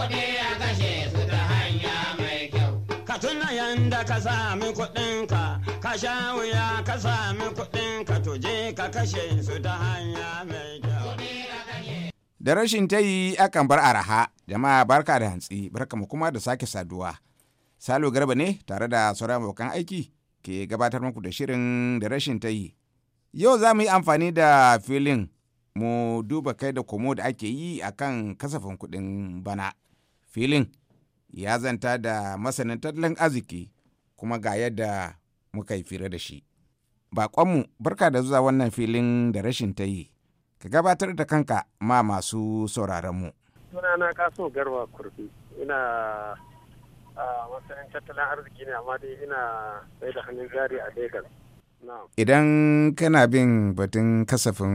kuɗi a kashe su ta hanya mai kyau. Ka tuna yanda ka sami kuɗinka, ka sha wuya ka sami kuɗinka tuje ka kashe su ta hanya mai kyau. Da rashin ta yi akan bar araha, jama'a barka da hantsi, barka mu kuma da sake saduwa. Salo Garba ne tare da sauran abokan aiki ke gabatar muku da shirin da rashin ta yi. Yau za mu yi amfani da filin mu duba kai da komo da ake yi a kan kasafin kuɗin bana. filin ya zanta da masanin tattalin arziki kuma ga yadda muka yi fira da shi baƙonmu barka da zuwa wannan filin da rashin ta yi ka gabatar da kanka ma masu sauraronmu na kaso garwa kurfi ina a tattalin arziki ne amma dai ina sai da hannun jari a Legas. Idan kana bin batun kasafin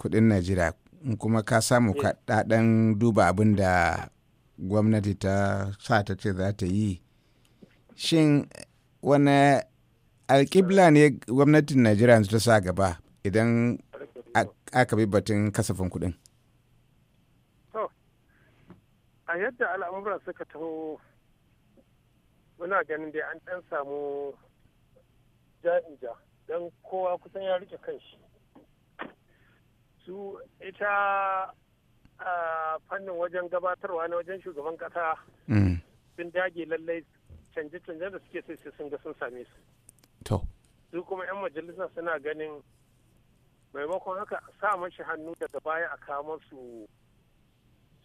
kudin Najeriya kuma ka samu eh. kaɗaɗen duba abin da gwamnati ta sa ta ce za ta yi shin wane alƙibla ne gwamnatin najeriya yanzu ta sa gaba idan aka bi batun kasafin kuɗin a yadda al'amura suka taho muna ganin dai an ɗan samu ja'inja don kowa kusan ya rike kanshi su ita a fannin wajen gabatarwa na wajen shugaban kasa mm. sun dage lallai canje-canje da suke sai sun ga sun same su to su kuma 'yan majalisa suna ganin maimakon haka a sa mashi hannu daga baya a kawo su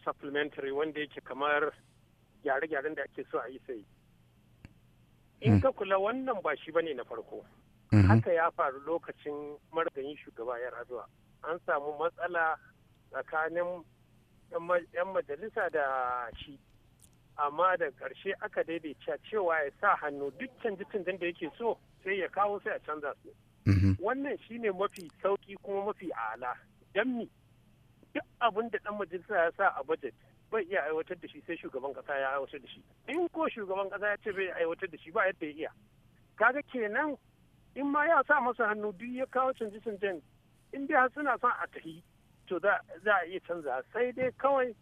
supplementary wanda yake kamar gyare-gyaren da ake so a yi sai in mm. ka kula wannan ba shi bane na farko mm-hmm. haka ya faru lokacin margayin shugaba ya razuwa an samu matsala tsakanin 'yan majalisa da shi amma da ƙarshe aka daidaita cewa ya sa hannu duk canji da yake so sai ya kawo sai a canza su mhm. wannan shine mafi sauki kuma mafi ala don mi duk abin da ɗan majalisa ya sa a budget bai iya aiwatar da shi sai shugaban ƙasa ya aiwatar da shi in ko shugaban ƙasa ya ce bai aiwatar da shi ba yadda ya iya kaga kenan in ma ya sa masa hannu duk ya kawo canji canjen in dai suna son a tafi to za a iya canza sai dai kawai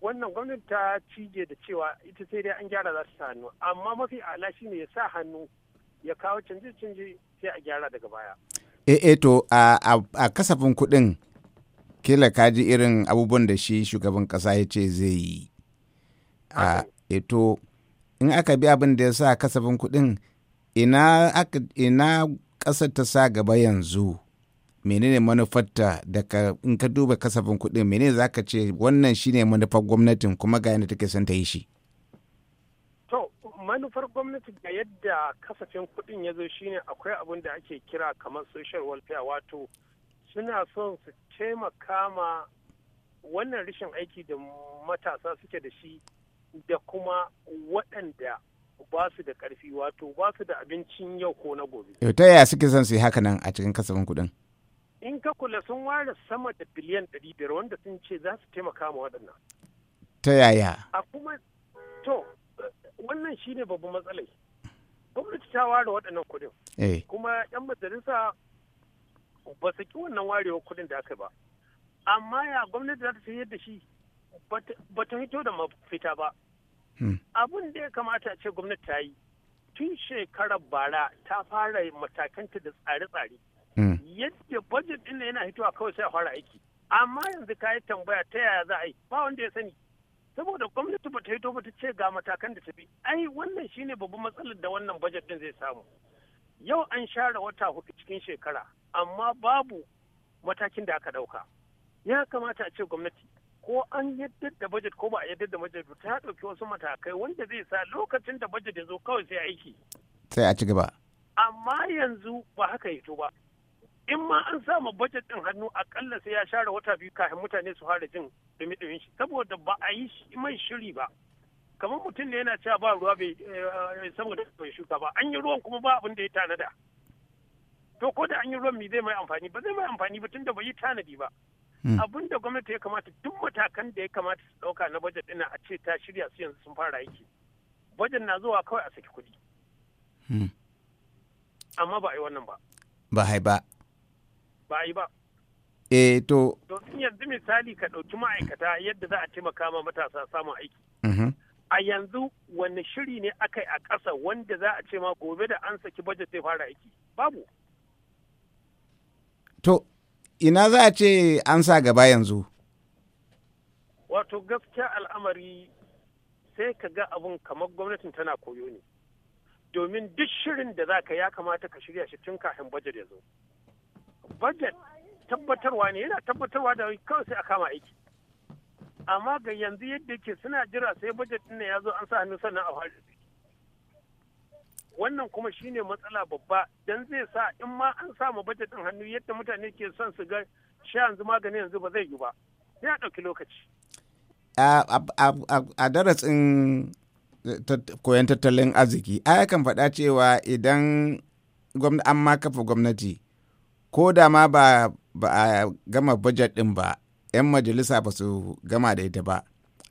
wannan gwamnati ta cije da cewa ita sai dai an gyara za su hannu amma mafi ala ne ya sa hannu ya kawo canje-canje sai a gyara daga baya. E, e to a, kasafin kuɗin kila kaji irin abubuwan da shi shugaban ƙasa ya ce zai yi. A, e in aka bi abin da ya sa kasafin kudin ina, ina ta sa gaba yanzu menene manufarta daga in ka duba kasafin kuɗin menene za ka ce wannan shine manufar gwamnatin kuma ga yadda take son ta yi shi to manufar gwamnati ga yadda kasafin kuɗin ya zo shine akwai abin da ake kira kamar social welfare wato suna son su taimaka ma wannan rashin aiki da matasa suke da shi da kuma waɗanda ba su da ƙarfi wato ba su da abincin yau ko na gobe. ta yaya suke son su yi haka nan a cikin kasafin kuɗin? in ka kula sun ware sama da biliyan 500 wanda sun ce za su taimaka ma waɗannan ta yaya a kuma to wannan shi ne babban matsalai gwamnati ta ware waɗannan kuɗin eh. kuma 'yan majalisa ba su ki wannan warewa kuɗin da aka ba amma ya gwamnati za ta sayar da shi ba ta hito da mafita ba hmm. abin da ya kamata a ce gwamnati ta yi tun shekarar bara ta fara matakanta da tsare-tsare Hmm. yadda budget din yana hitowa kawai sai a fara aiki amma yanzu ka yi tambaya ta yaya za a yi ba wanda ya sani saboda gwamnati ba ta hito ba ta ce ga matakan da ta bi ai wannan shine babban matsalar da wannan budget din zai samu yau an share wata hudu cikin shekara amma babu matakin da aka dauka ya kamata a ce gwamnati ko an yadda da budget ko ba a yadda da budget ta dauki wasu matakai wanda zai sa lokacin da budget ya zo kawai sai aiki sai a ci gaba amma yanzu ba haka hito ba in ma an sama budget din hannu akalla sai ya share wata biyu kafin mutane su fara jin dumi-dumin shi saboda ba a yi mai shiri ba kamar mutum ne yana cewa ba ruwa bai eh, saboda bai shuka ba an yi ruwan kuma ba abin da ya tanada to ko da an yi ruwan mi zai mai amfani ba zai mai amfani ba tunda bai yi tanadi ba hmm. abin da gwamnati ya kamata duk matakan da ya kamata su dauka na budget din a ce ta shirya su yanzu sun fara aiki budget na zuwa kawai a saki kuɗi hmm. amma ba a yi wannan ba ba hai ba ba yi ba eh to domin yanzu misali ka ɗauki ma'aikata yadda za a taimaka ma matasa samun aiki mm-hmm. a yanzu wani shiri ne aka yi a ƙasa wanda za a ce ma gobe da an saki bajet zai fara aiki babu to ina za a ce an sa gaba yanzu wato gaskiya al'amari sai ka ga abun kamar gwamnatin tana koyo ne domin duk shirin da za ka ya kamata ka shirya shi tun kafin bajet ya zo budget tabbatarwa ne yana tabbatarwa da kawai sai a kama aiki amma ga yanzu yadda yake suna jira sai budget ɗin ya zo an sa hannu sannan a fara wannan kuma shine matsala babba dan zai sa in ma an samu budget ɗin hannu yadda mutane ke son su ga shi yanzu magani yanzu ba zai yi ba sai a ɗauki lokaci a darasin eh, koyon tattalin arziki a yakan faɗa cewa idan an ma kafa gwamnati ko da ma ba a gama budget ɗin ba 'yan majalisa ba su gama da ita ba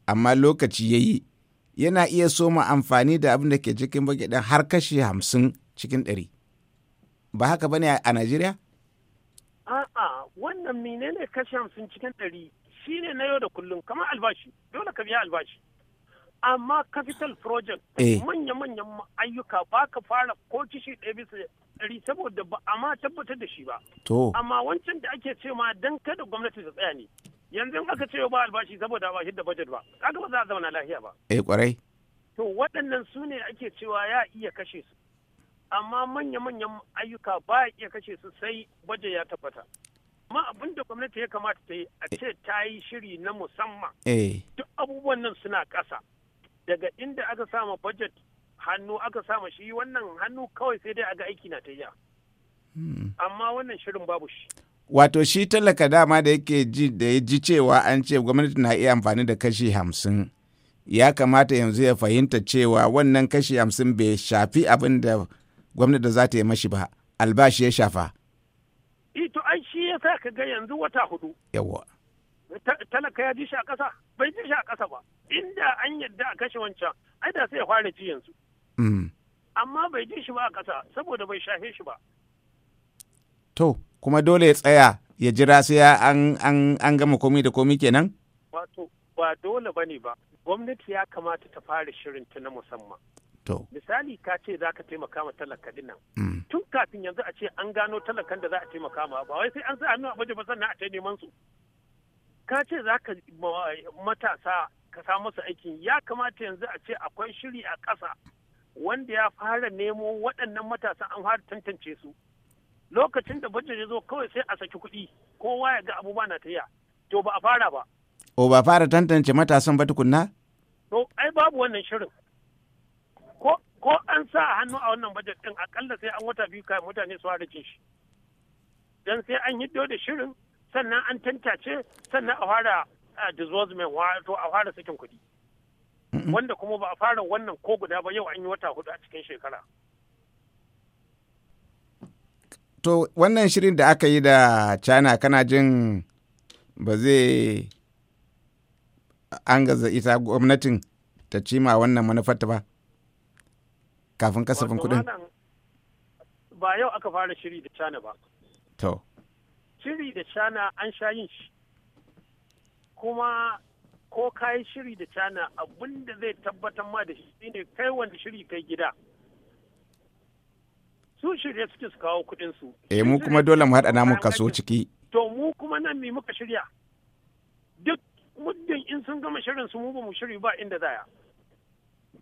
amma lokaci ya yi yana iya soma amfani da abin da ke cikin bagidan har kashi hamsin cikin ɗari ba haka ba ne a najeriya a'a wannan menene kashi hamsin cikin ɗari shine na yau da kullum kamar albashi dole ka biya albashi amma capital project eh. manya-manyan ayyuka ba ka fara ko kishi ɗaya bisa ɗari saboda ba a tabbatar da shi ba amma wancan da ake ce ma dan kada gwamnati ta tsaya ne yanzu in aka ce ba albashi saboda ba shi da budget ba kaga ba za a zauna lafiya ba eh kwarai to waɗannan su ne ake cewa ya iya kashe su amma manya-manyan ayyuka ba iya kashe su sai baje ya tabbata amma abin da gwamnati ya kamata ta yi a ce ta yi shiri na musamman eh. duk abubuwan nan suna ƙasa daga inda aka sama budget hannu aka sama shi wannan hannu kawai sai dai aga aiki na ta yi hmm. amma wannan shirin babu shi wato shi talaka dama da yake ji da ya ji cewa an ce gwamnati na iya amfani da kashi hamsin ya kamata yanzu ya fahimta cewa wannan kashi hamsin bai shafi abin da gwamnati za ta yi mashi ba albashi ya shafa ito ai shi ya sa ka ga yanzu wata hudu talaka ya ji shi a ƙasa bai ji shi a ƙasa ba inda an yadda a kashe wancan ai da sai ya fara ji yanzu mm. amma bai ji shi ba a ƙasa saboda bai shafe shi ba to kuma dole ya tsaya ya jira sai an an an gama komi da komi kenan wato ba dole bane ba gwamnati ya kamata ta fara shirin ta na musamman to misali ka ce za ka taimaka ma talaka dinnan mm. tun kafin yanzu a ce an gano talakan da za a taimaka ma ba wai sai an sa hannu a baje ba sannan a ta neman su ka ce za ka matasa ka samu su aikin ya kamata yanzu a ce akwai shiri a ƙasa wanda ya fara nemo waɗannan matasan an fara tantance su lokacin da bajin ya zo kawai sai a saki kuɗi kowa ya ga abubuwa na taya to ba a fara ba o ba fara tantance matasan ba tukunna to ai babu wannan shirin ko an sa hannu a wannan bajin din akalla sai an wata biyu kayan mutane su fara shi dan sai an hiddo da shirin sannan an tantace sannan a fara disbursement wato a fara sakin kuɗi wanda kuma ba a fara wannan ko guda ba yau an yi wata hudu a cikin shekara to wannan shirin da aka yi da china kana jin ba zai an gaza ita gwamnatin ta cima wannan manufarta ba kafin kasafin kuɗin ba yau aka fara shiri da china ba to shiri da cana an sha yin shi kuma ko ka yi shiri da cana abin da zai tabbatar ma da shi ne kai wanda shiri kai gida su shirya suke su kawo kudinsu. E, eh, mu kuma dole mu haɗa namu kaso ciki to mu kuma nan mu muka shirya duk muddin in sun gama shirin su mu ba mu shiri ba inda zaya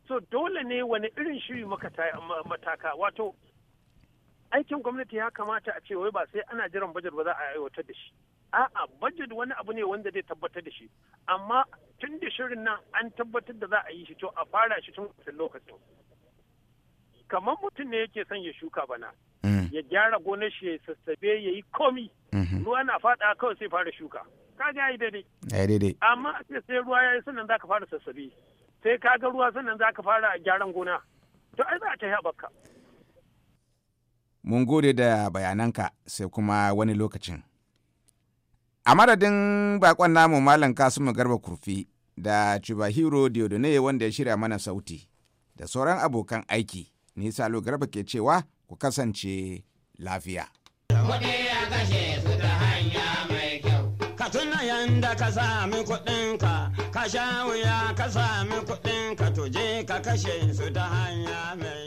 so dole ne wani irin shiri muka mataka wato aikin gwamnati ya kamata a ce wai ba sai ana jiran bajet ba za a aiwatar da shi a'a bajet wani abu ne wanda zai tabbatar da shi amma tun da shirin nan an tabbatar da za a yi shi to a fara shi tun wasu lokacin kamar mutum ne yake son ya shuka bana hmm. ya gyara gonar shi ya sassabe ya yi komi hmm. ruwa na fada kawai sai fara shuka ka ga yi daidai amma a sai ruwa ya yi sannan za ka fara sassabe sai ka ga ruwa sannan za ka fara gyaran gona to ai za a ta haɓaka Mun gode da bayananka sai kuma wani lokacin. A madadin bakon namu Malam Kasimu Garba Kurfi da Chubahiro Diodone wanda ya shirya mana sauti da sauran abokan aiki, ni Salo Garba ke cewa ku kasance lafiya. Ka tuna yanda ka sami kuɗinka, ka sha wuya ka sami kuɗinka tuje ka kashe su ta hanya mai